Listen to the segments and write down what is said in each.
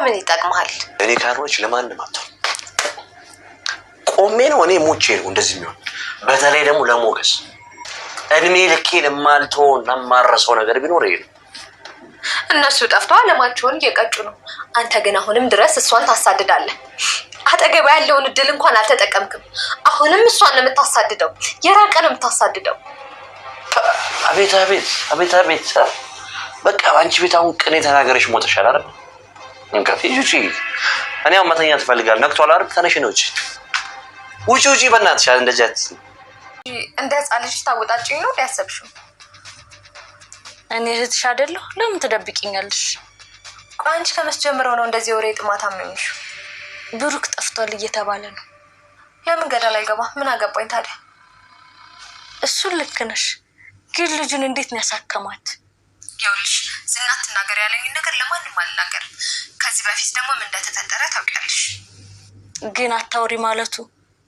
ለምን ይጠቅመሃል? እኔ ካልሆነች ለማንም አቶ ቆሜ ነው እኔ ሞቼ ነው እንደዚህ የሚሆን በተለይ ደግሞ ለሞገስ እድሜ ልኬን የማልተውን ለማረሰው ነገር ቢኖር ይሄ ነው። እነሱ ጠፍቶ አለማቸውን እየቀጩ ነው። አንተ ግን አሁንም ድረስ እሷን ታሳድዳለህ። አጠገባ ያለውን እድል እንኳን አልተጠቀምክም። አሁንም እሷን ነው የምታሳድደው፣ የራቀ ነው የምታሳድደው። አቤት አቤት አቤት አቤት! በቃ አንቺ ቤት አሁን ቅኔ ተናገረሽ ሞተሻል አይደል? እንከፊ ውጪ። እኔ ያው መተኛ ትፈልጋለህ። ነግቷል አይደል? ተነሽ ነው ውጪ፣ ውጪ፣ ውጪ። በእናትሽ እንደዚህ አትይኝ። እንደ ህፃን ልጅ ታወጣጭኝ ነው ያሰብሽው? እኔ እህትሽ አይደለሁ? ለምን ትደብቂኛለሽ? ቆይ አንቺ ከመቼ ጀምረው ነው እንደዚህ ወሬ ጥማታ የሚሆንሽ? ብሩክ ጠፍቷል እየተባለ ነው። ለምን ገደል አይገባ? ምን አገባኝ ታዲያ? እሱን ልክ ነሽ፣ ግን ልጁን እንዴት ነው ያሳከማት? ይኸውልሽ ዝና ትናገር ያለኝን ነገር ለማንም አልናገርም። ከዚህ በፊት ደግሞ ምን እንደተፈጠረ ታውቂያለሽ። ግን አታውሪ ማለቱ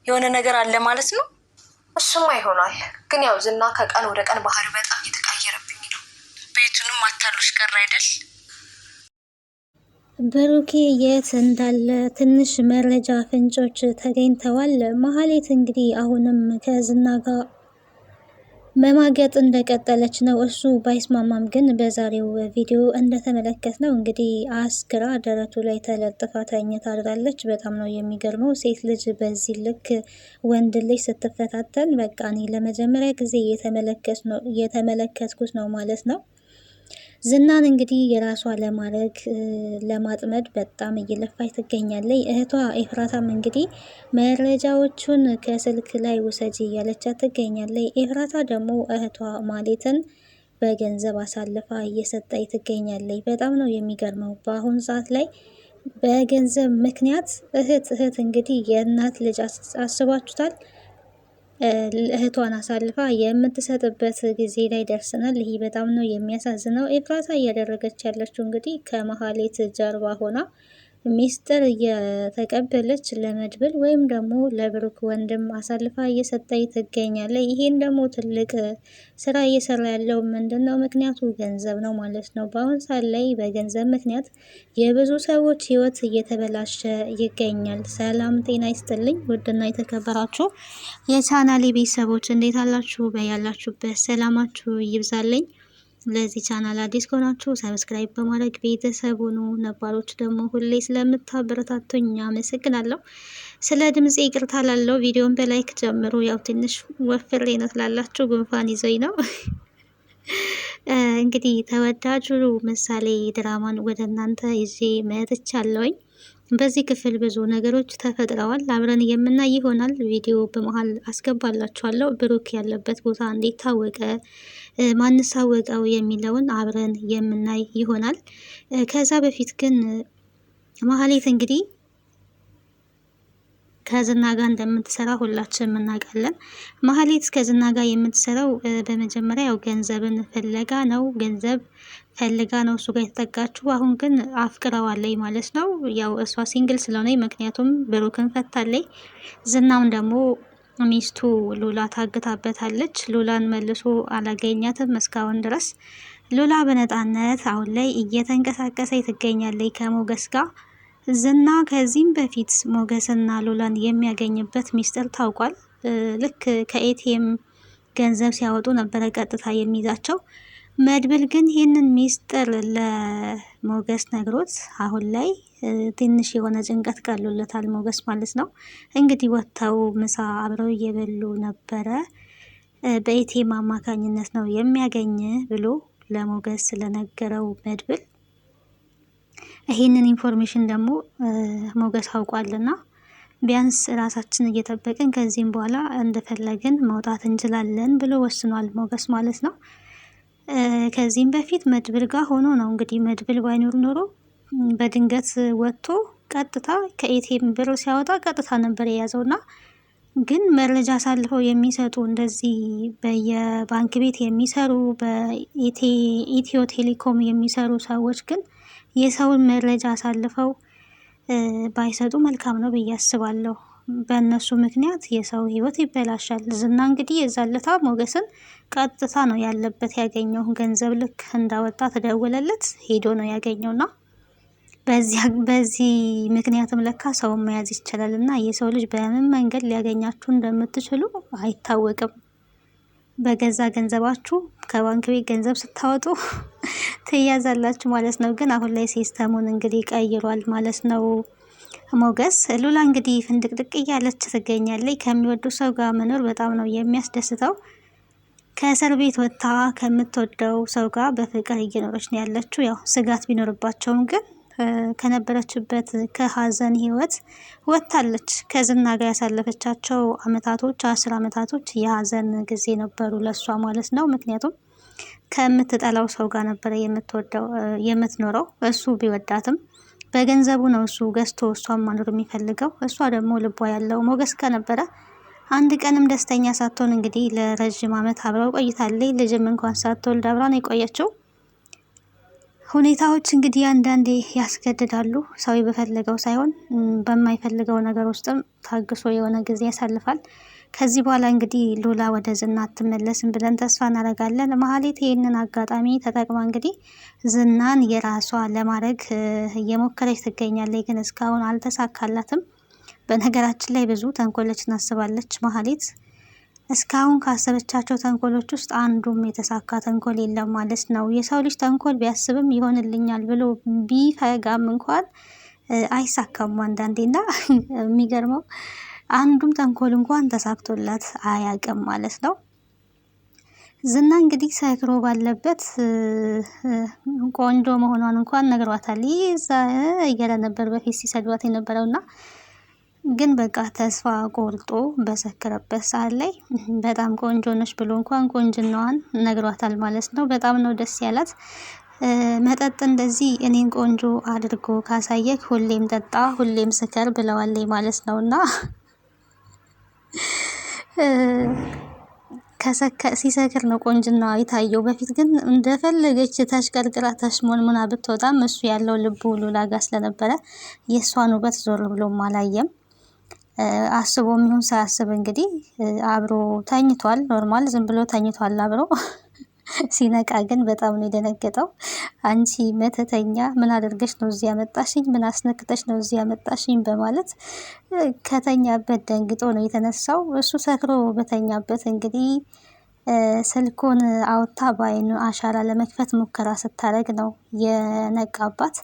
የሆነ ነገር አለ ማለት ነው። እሱማ ይሆናል። ግን ያው ዝና ከቀን ወደ ቀን ባህሪ በጣም እየተቃየረብኝ ነው። ቤቱንም አታሉሽ ቀር አይደል? ብሩኬ የት እንዳለ ትንሽ መረጃ ፍንጮች ተገኝተዋል። መሀሌት እንግዲህ አሁንም ከዝና ጋር መማገጥ እንደቀጠለች ነው። እሱ ባይስማማም ግን በዛሬው ቪዲዮ እንደተመለከት ነው እንግዲህ አስክራ ደረቱ ላይ ተለጥፋ ተኝታ አድራለች። በጣም ነው የሚገርመው። ሴት ልጅ በዚህ ልክ ወንድ ልጅ ስትፈታተን በቃ እኔ ለመጀመሪያ ጊዜ እየተመለከትኩት ነው ማለት ነው። ዝናን እንግዲህ የራሷ ለማድረግ ለማጥመድ በጣም እየለፋች ትገኛለች። እህቷ ኤፍራታም እንግዲህ መረጃዎቹን ከስልክ ላይ ውሰጂ እያለቻት ትገኛለች። ኤፍራታ ደግሞ እህቷ ማሌትን በገንዘብ አሳልፋ እየሰጠች ትገኛለች። በጣም ነው የሚገርመው በአሁኑ ሰዓት ላይ በገንዘብ ምክንያት እህት እህት እንግዲህ የእናት ልጅ አስባችሁታል። እህቷን አሳልፋ የምትሰጥበት ጊዜ ላይ ደርሰናል። ይህ በጣም ነው የሚያሳዝነው። ኤፍራታ እያደረገች ያለችው እንግዲህ ከመሀሌት ጀርባ ሆና ሚስጥር እየተቀበለች ለመድብል ወይም ደግሞ ለብሩክ ወንድም አሳልፋ እየሰጠች ትገኛለች። ይህን ደግሞ ትልቅ ስራ እየሰራ ያለው ምንድን ነው? ምክንያቱ ገንዘብ ነው ማለት ነው። በአሁን ሰዓት ላይ በገንዘብ ምክንያት የብዙ ሰዎች ህይወት እየተበላሸ ይገኛል። ሰላም ጤና ይስጥልኝ። ውድና የተከበራችሁ የቻናሌ ቤተሰቦች እንዴት አላችሁ? በያላችሁበት ሰላማችሁ ይብዛልኝ። ለዚህ ቻናል አዲስ ከሆናችሁ ሰብስክራይብ በማድረግ ቤተሰብ ሁኑ። ነባሮች ደግሞ ሁሌ ስለምታበረታቱኝ አመሰግናለሁ። ስለ ድምፄ ይቅርታ ላለው ቪዲዮን በላይክ ጀምሩ። ያው ትንሽ ወፍሬ ነው ትላላችሁ፣ ጉንፋን ይዘኝ ነው። እንግዲህ ተወዳጁ ምሳሌ ድራማን ወደ እናንተ ይዤ መጥቻለሁኝ። በዚህ ክፍል ብዙ ነገሮች ተፈጥረዋል። አብረን የምናይ ይሆናል። ቪዲዮ በመሀል አስገባላችኋለሁ። ብሩክ ያለበት ቦታ እንዴት ታወቀ? ማንሳወቀው የሚለውን አብረን የምናይ ይሆናል። ከዛ በፊት ግን መሀሌት እንግዲህ ከዝና ጋር እንደምትሰራ ሁላችንም እናውቃለን። መሀሌት ከዝና ጋር የምትሰራው በመጀመሪያ ያው ገንዘብን ፍለጋ ነው። ገንዘብ ፈልጋ ነው እሱ ጋር የተጠጋችው። አሁን ግን አፍቅረዋለይ ማለት ነው። ያው እሷ ሲንግል ስለሆነ ምክንያቱም ብሩክን ፈታለይ ዝናውን ደግሞ ሚስቱ ሉላ ታግታበታለች። ሉላን መልሶ አላገኛትም እስካሁን ድረስ። ሉላ በነጣነት አሁን ላይ እየተንቀሳቀሰች ትገኛለች ከሞገስ ጋር። ዝና ከዚህም በፊት ሞገስና ሉላን የሚያገኝበት ሚስጥር ታውቋል። ልክ ከኤቲኤም ገንዘብ ሲያወጡ ነበረ ቀጥታ የሚይዛቸው መድብል ግን ይህንን ሚስጥር ለሞገስ ነግሮት አሁን ላይ ትንሽ የሆነ ጭንቀት ቀሎለታል፣ ሞገስ ማለት ነው። እንግዲህ ወጥተው ምሳ አብረው እየበሉ ነበረ። በኢቴም አማካኝነት ነው የሚያገኝ ብሎ ለሞገስ ስለነገረው መድብል ይህንን ኢንፎርሜሽን ደግሞ ሞገስ አውቋልና ቢያንስ ራሳችን እየጠበቅን ከዚህም በኋላ እንደፈለግን መውጣት እንችላለን ብሎ ወስኗል ሞገስ ማለት ነው። ከዚህም በፊት መድብል ጋር ሆኖ ነው እንግዲህ መድብል ባይኖር ኖሮ በድንገት ወጥቶ ቀጥታ ከኤቲኤም ብር ሲያወጣ ቀጥታ ነበር የያዘው እና ግን መረጃ አሳልፈው የሚሰጡ እንደዚህ በየባንክ ቤት የሚሰሩ በኢትዮ ቴሌኮም የሚሰሩ ሰዎች ግን የሰውን መረጃ አሳልፈው ባይሰጡ መልካም ነው ብዬ አስባለሁ። በእነሱ ምክንያት የሰው ህይወት ይበላሻል። ዝና እንግዲህ የዛለታ ሞገስን ቀጥታ ነው ያለበት ያገኘው። ገንዘብ ልክ እንዳወጣ ተደወለለት ሄዶ ነው ያገኘው እና በዚህ ምክንያትም ለካ ሰውን መያዝ ይቻላል እና የሰው ልጅ በምን መንገድ ሊያገኛችሁ እንደምትችሉ አይታወቅም። በገዛ ገንዘባችሁ ከባንክ ቤት ገንዘብ ስታወጡ ትያዛላችሁ ማለት ነው። ግን አሁን ላይ ሲስተሙን እንግዲህ ቀይሯል ማለት ነው። ሞገስ ሉላ እንግዲህ ፍንድቅድቅ እያለች ትገኛለች። ከሚወዱ ሰው ጋር መኖር በጣም ነው የሚያስደስተው። ከእስር ቤት ወጥታ ከምትወደው ሰው ጋር በፍቅር እየኖረች ነው ያለችው። ያው ስጋት ቢኖርባቸውም ግን ከነበረችበት ከሀዘን ህይወት ወጥታለች። ከዝና ጋር ያሳለፈቻቸው አመታቶች አስር አመታቶች የሀዘን ጊዜ ነበሩ ለሷ ማለት ነው። ምክንያቱም ከምትጠላው ሰው ጋር ነበረ የምትወደው የምትኖረው እሱ ቢወዳትም በገንዘቡ ነው እሱ ገዝቶ እሷን ማኖር የሚፈልገው። እሷ ደግሞ ልቧ ያለው ሞገስ ከነበረ አንድ ቀንም ደስተኛ ሳትሆን እንግዲህ ለረዥም ዓመት አብረው ቆይታለች። ልጅም እንኳን ሳትወልድ አብራ ነው የቆየችው። ሁኔታዎች እንግዲህ አንዳንዴ ያስገድዳሉ። ሰው በፈለገው ሳይሆን በማይፈልገው ነገር ውስጥም ታግሶ የሆነ ጊዜ ያሳልፋል። ከዚህ በኋላ እንግዲህ ሉላ ወደ ዝና አትመለስም ብለን ተስፋ እናደርጋለን። መሀሌት ይህንን አጋጣሚ ተጠቅማ እንግዲህ ዝናን የራሷ ለማድረግ እየሞከረች ትገኛለች፣ ግን እስካሁን አልተሳካላትም። በነገራችን ላይ ብዙ ተንኮሎች እናስባለች መሀሌት እስካሁን ካሰበቻቸው ተንኮሎች ውስጥ አንዱም የተሳካ ተንኮል የለም ማለት ነው። የሰው ልጅ ተንኮል ቢያስብም ይሆንልኛል ብሎ ቢፈጋም እንኳን አይሳካም አንዳንዴና የሚገርመው አንዱም ተንኮል እንኳን ተሳክቶላት አያቅም ማለት ነው። ዝና እንግዲህ ሰክሮ ባለበት ቆንጆ መሆኗን እንኳን ነግሯታል። ይዛ እያለ ነበር በፊት ሲሰድባት የነበረው የነበረውና ግን በቃ ተስፋ ቆርጦ በሰክረበት ሰዓት ላይ በጣም ቆንጆ ነች ብሎ እንኳን ቆንጅናዋን ነግሯታል ማለት ነው። በጣም ነው ደስ ያላት። መጠጥ እንደዚህ እኔን ቆንጆ አድርጎ ካሳየክ ሁሌም ጠጣ፣ ሁሌም ስከር ብለዋለኝ ማለት ነው እና ሲሰክር ነው ቆንጅናዋ የታየው። በፊት ግን እንደፈለገች ተሽቀርቅራ ተሽሞንሙና ብትወጣም እሱ ያለው ልቡ ሉላ ላጋ ስለነበረ የእሷን ውበት ዞር ብሎም አላየም። አስቦ የሚሆን ሳያስብ እንግዲህ አብሮ ተኝቷል። ኖርማል ዝም ብሎ ተኝቷል አብሮ ሲነቃ ግን በጣም ነው የደነገጠው። አንቺ መተተኛ ምን አደርገሽ ነው እዚህ ያመጣሽኝ? ምን አስነክተሽ ነው እዚህ ያመጣሽኝ? በማለት ከተኛበት ደንግጦ ነው የተነሳው። እሱ ሰክሮ በተኛበት እንግዲህ ስልኩን አውታ በአይኑ አሻራ ለመክፈት ሙከራ ስታደርግ ነው የነቃባት።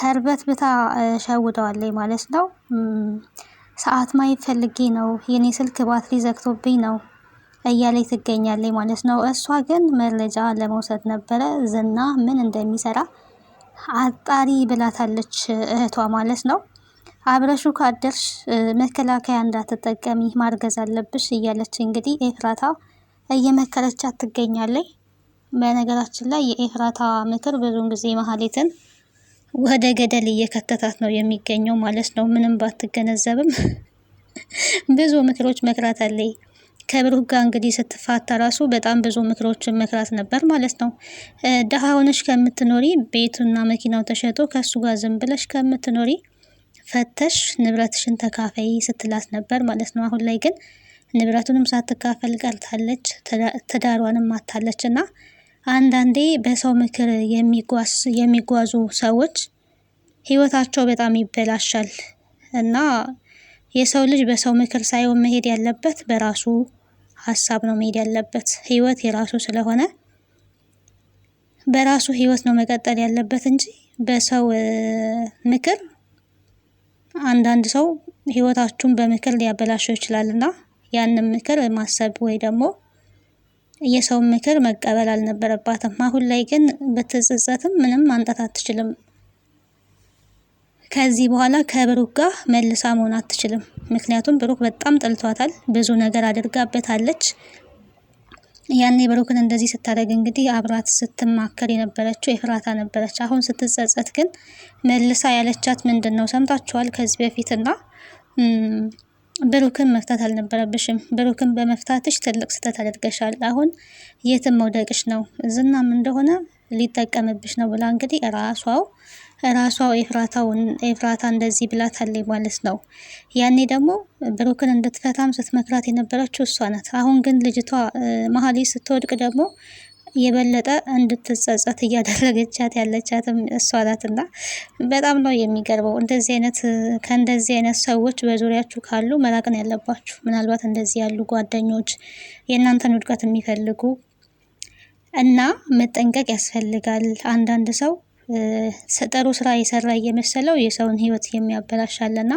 ተርበት ብታ ሸውደዋለች ማለት ነው። ሰዓት ማየት ፈልጌ ነው የኔ ስልክ ባትሪ ዘግቶብኝ ነው እያለች ትገኛለች ማለት ነው። እሷ ግን መረጃ ለመውሰድ ነበረ ዝና ምን እንደሚሰራ አጣሪ ብላታለች እህቷ ማለት ነው። አብረሹ ካደርሽ መከላከያ እንዳትጠቀሚ ማርገዝ አለብሽ እያለች እንግዲህ ኤፍራታ እየመከረቻት ትገኛለች። በነገራችን ላይ የኤፍራታ ምክር ብዙውን ጊዜ መሀሌትን ወደ ገደል እየከተታት ነው የሚገኘው ማለት ነው። ምንም ባትገነዘብም ብዙ ምክሮች መክራት አለኝ። ከብሩህ ጋር እንግዲህ ስትፋታ ራሱ በጣም ብዙ ምክሮችን መክራት ነበር ማለት ነው። ድሃ ሆነሽ ከምትኖሪ ቤቱና መኪናው ተሸጦ ከእሱ ጋር ዝም ብለሽ ከምትኖሪ ፈተሽ ንብረትሽን ተካፈይ ስትላት ነበር ማለት ነው። አሁን ላይ ግን ንብረቱንም ሳትካፈል ቀርታለች። ትዳሯንም አታለች እና አንዳንዴ በሰው ምክር የሚጓዙ ሰዎች ህይወታቸው በጣም ይበላሻል እና የሰው ልጅ በሰው ምክር ሳይሆን መሄድ ያለበት በራሱ ሀሳብ ነው መሄድ ያለበት። ህይወት የራሱ ስለሆነ በራሱ ህይወት ነው መቀጠል ያለበት እንጂ በሰው ምክር አንዳንድ ሰው ህይወታችሁን በምክር ሊያበላሸው ይችላልና ያንን ምክር ማሰብ ወይ ደግሞ የሰውን ምክር መቀበል አልነበረባትም። አሁን ላይ ግን ብትጸጸትም ምንም ማንጣት አትችልም። ከዚህ በኋላ ከብሩክ ጋር መልሳ መሆን አትችልም። ምክንያቱም ብሩክ በጣም ጠልቷታል፣ ብዙ ነገር አድርጋበታለች። ያኔ ብሩክን እንደዚህ ስታደርግ እንግዲህ አብራት ስትማከር የነበረችው ኤፍራታ ነበረች። አሁን ስትጸጸት ግን መልሳ ያለቻት ምንድን ነው ሰምታችኋል ከዚህ በፊትና ብሩክን መፍታት አልነበረብሽም። ብሩክን በመፍታትሽ ትልቅ ስህተት አድርገሻል። አሁን የትም መውደቅሽ ነው። ዝናም እንደሆነ ሊጠቀምብሽ ነው ብላ እንግዲህ ራሷው ራሷው ኤፍራታ እንደዚህ ብላታለች ማለት ነው። ያኔ ደግሞ ብሩክን እንድትፈታም ስትመክራት የነበረችው እሷ ናት። አሁን ግን ልጅቷ መሀሊ ስትወድቅ ደግሞ የበለጠ እንድትጸጸት እያደረገቻት ያለቻትም እሷ ናትና በጣም ነው የሚገርበው እንደዚህ አይነት ከእንደዚህ አይነት ሰዎች በዙሪያችሁ ካሉ መራቅን ያለባችሁ ምናልባት እንደዚህ ያሉ ጓደኞች የእናንተን ውድቀት የሚፈልጉ እና መጠንቀቅ ያስፈልጋል። አንዳንድ ሰው ጥሩ ስራ የሰራ እየመሰለው የሰውን ህይወት የሚያበላሽ አለና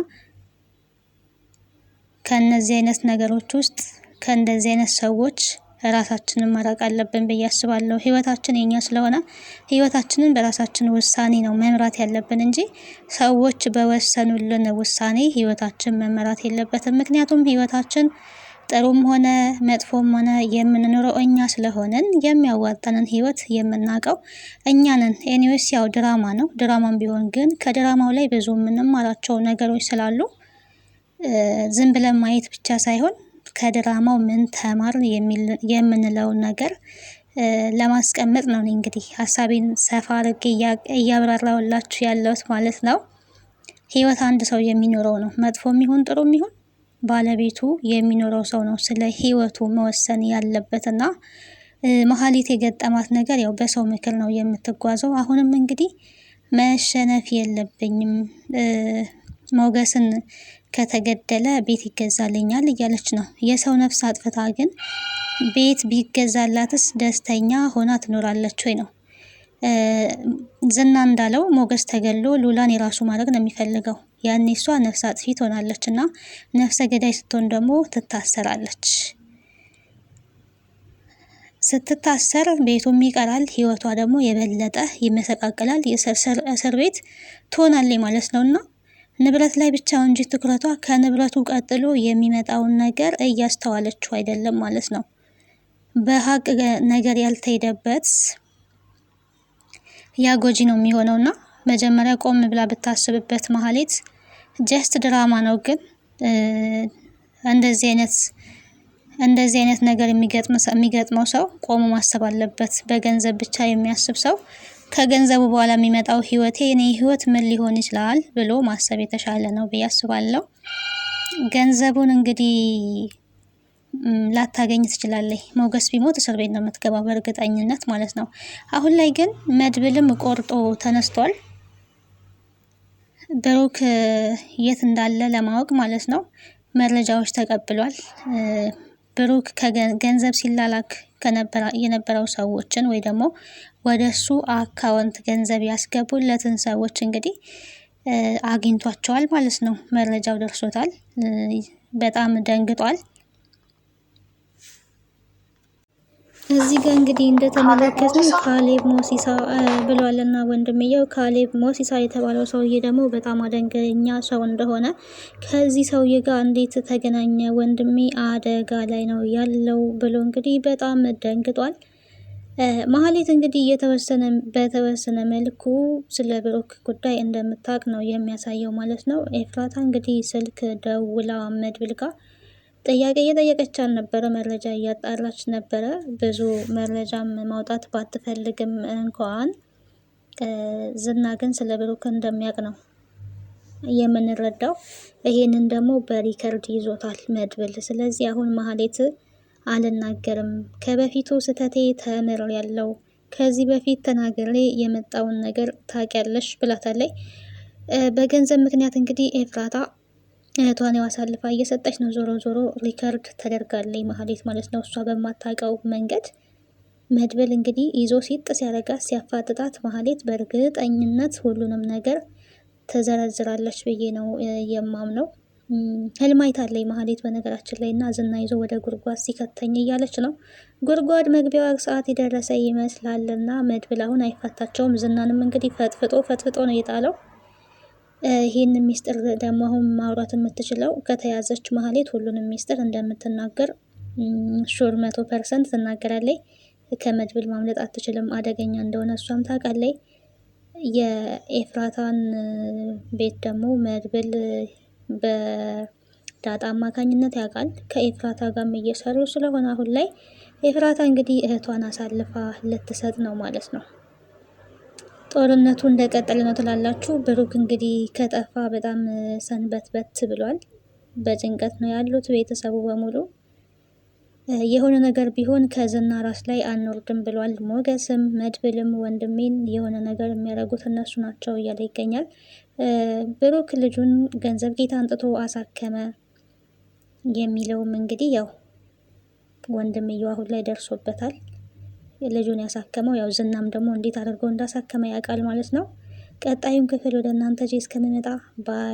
ከእነዚህ አይነት ነገሮች ውስጥ ከእንደዚህ አይነት ሰዎች ራሳችንን መራቅ አለብን ብዬ አስባለሁ። ህይወታችን የኛ ስለሆነ ህይወታችንን በራሳችን ውሳኔ ነው መምራት ያለብን እንጂ ሰዎች በወሰኑልን ውሳኔ ህይወታችን መመራት የለበትም። ምክንያቱም ህይወታችን ጥሩም ሆነ መጥፎም ሆነ የምንኖረው እኛ ስለሆነን የሚያዋጣንን ህይወት የምናውቀው እኛንን ኤኒዌስ ያው ድራማ ነው። ድራማም ቢሆን ግን ከድራማው ላይ ብዙ የምንማራቸው ነገሮች ስላሉ ዝም ብለን ማየት ብቻ ሳይሆን ከድራማው ምን ተማር የምንለውን ነገር ለማስቀመጥ ነው። እንግዲህ ሀሳቤን ሰፋ አድርጌ እያብራራውላችሁ ያለሁት ማለት ነው። ህይወት አንድ ሰው የሚኖረው ነው። መጥፎም ይሁን ጥሩም ይሁን ባለቤቱ የሚኖረው ሰው ነው ስለ ህይወቱ መወሰን ያለበት እና መሀሊት የገጠማት ነገር ያው በሰው ምክር ነው የምትጓዘው። አሁንም እንግዲህ መሸነፍ የለብኝም ሞገስን ከተገደለ ቤት ይገዛልኛል እያለች ነው። የሰው ነፍስ አጥፍታ ግን ቤት ቢገዛላትስ ደስተኛ ሆና ትኖራለች ወይ ነው? ዝና እንዳለው ሞገስ ተገሎ ሉላን የራሱ ማድረግ ነው የሚፈልገው። ያኔ እሷ ነፍሰ አጥፊ ትሆናለች እና ነፍሰ ገዳይ ስትሆን ደግሞ ትታሰራለች። ስትታሰር ቤቱም ይቀራል፣ ህይወቷ ደግሞ የበለጠ ይመሰቃቀላል። እስር ቤት ትሆናለች ማለት ነው እና ንብረት ላይ ብቻ እንጂ ትኩረቷ ከንብረቱ ቀጥሎ የሚመጣውን ነገር እያስተዋለችው አይደለም ማለት ነው። በሀቅ ነገር ያልተሄደበት ያ ጎጂ ነው የሚሆነውና መጀመሪያ ቆም ብላ ብታስብበት ማህሌት ጀስት ድራማ ነው። ግን እንደዚህ አይነት እንደዚህ አይነት ነገር የሚገጥመው ሰው ቆሞ ማሰብ አለበት። በገንዘብ ብቻ የሚያስብ ሰው ከገንዘቡ በኋላ የሚመጣው ህይወቴ የኔ ህይወት ምን ሊሆን ይችላል ብሎ ማሰብ የተሻለ ነው ብዬ አስባለሁ። ገንዘቡን እንግዲህ ላታገኝ ትችላለህ። ሞገስ ቢሞት እስር ቤት ነው የምትገባው በእርግጠኝነት ማለት ነው። አሁን ላይ ግን መድብልም ቆርጦ ተነስቷል። ብሩክ የት እንዳለ ለማወቅ ማለት ነው መረጃዎች ተቀብሏል። ብሩክ ገንዘብ ሲላላክ የነበረው ሰዎችን ወይ ደግሞ ወደ እሱ አካውንት ገንዘብ ያስገቡለትን ሰዎች እንግዲህ አግኝቷቸዋል ማለት ነው። መረጃው ደርሶታል። በጣም ደንግጧል። እዚህ ጋር እንግዲህ እንደተመለከትን ካሌብ ሞሲሳ ብሏልና ወንድምየው ካሌብ ሞሲሳ የተባለው ሰውዬ ደግሞ በጣም አደገኛ ሰው እንደሆነ ከዚህ ሰውዬ ጋር እንዴት ተገናኘ? ወንድሜ አደጋ ላይ ነው ያለው ብሎ እንግዲህ በጣም ደንግጧል። መሀሌት እንግዲህ የተወሰነ በተወሰነ መልኩ ስለ ብሩክ ጉዳይ እንደምታውቅ ነው የሚያሳየው ማለት ነው። ኤፍራታ እንግዲህ ስልክ ደውላ መድብል ጋር ጥያቄ እየጠየቀች አልነበረ፣ መረጃ እያጣራች ነበረ። ብዙ መረጃም ማውጣት ባትፈልግም እንኳን ዝና ግን ስለ ብሩክ እንደሚያውቅ ነው የምንረዳው። ይሄንን ደግሞ በሪከርድ ይዞታል መድብል። ስለዚህ አሁን ማህሌት አልናገርም፣ ከበፊቱ ስህተቴ ተምር ያለው ከዚህ በፊት ተናግሬ የመጣውን ነገር ታውቂያለሽ ብላታለች። በገንዘብ ምክንያት እንግዲህ ኤፍራታ እህቷን አሳልፋ እየሰጠች ነው። ዞሮ ዞሮ ሪከርድ ተደርጋለች መሀሌት ማለት ነው። እሷ በማታውቀው መንገድ መድብል እንግዲህ ይዞ ሲጥ ሲያደርጋት ሲያፋጥጣት መሀሌት በእርግጠኝነት ሁሉንም ነገር ትዘረዝራለች ብዬ ነው የማምነው። ህልም አይታለች መሀሌት በነገራችን ላይ እና ዝና ይዞ ወደ ጉድጓድ ሲከተኝ እያለች ነው። ጉድጓድ መግቢያዋ ሰዓት የደረሰ ይመስላልና መድብል አሁን አይፋታቸውም ዝናንም እንግዲህ ፈጥፍጦ ፈጥፍጦ ነው የጣለው። ይህን ሚስጥር ደግሞ አሁን ማውራት የምትችለው ከተያዘች መሀሌት ሁሉንም ሚስጥር እንደምትናገር ሹር መቶ ፐርሰንት ትናገራለች። ከመድብል ማምለጥ አትችልም፣ አደገኛ እንደሆነ እሷም ታውቃለች። የኤፍራታን ቤት ደግሞ መድብል በዳጣ አማካኝነት ያውቃል። ከኤፍራታ ጋርም እየሰሩ ስለሆነ አሁን ላይ ኤፍራታ እንግዲህ እህቷን አሳልፋ ልትሰጥ ነው ማለት ነው። ጦርነቱ እንደቀጠለ ነው ትላላችሁ። ብሩክ እንግዲህ ከጠፋ በጣም ሰንበትበት ብሏል። በጭንቀት ነው ያሉት ቤተሰቡ በሙሉ። የሆነ ነገር ቢሆን ከዝና ራስ ላይ አንወርድም ብሏል። ሞገስም መድብልም ወንድሜን የሆነ ነገር የሚያደርጉት እነሱ ናቸው እያለ ይገኛል። ብሩክ ልጁን ገንዘብ ጌታ አንጥቶ አሳከመ የሚለውም እንግዲህ ያው ወንድምየው አሁን ላይ ደርሶበታል። ልጁን ያሳከመው። ያው ዝናም ደግሞ እንዴት አድርጎ እንዳሳከመ ያውቃል ማለት ነው። ቀጣዩን ክፍል ወደ እናንተ ጄ እስከምመጣ ባይ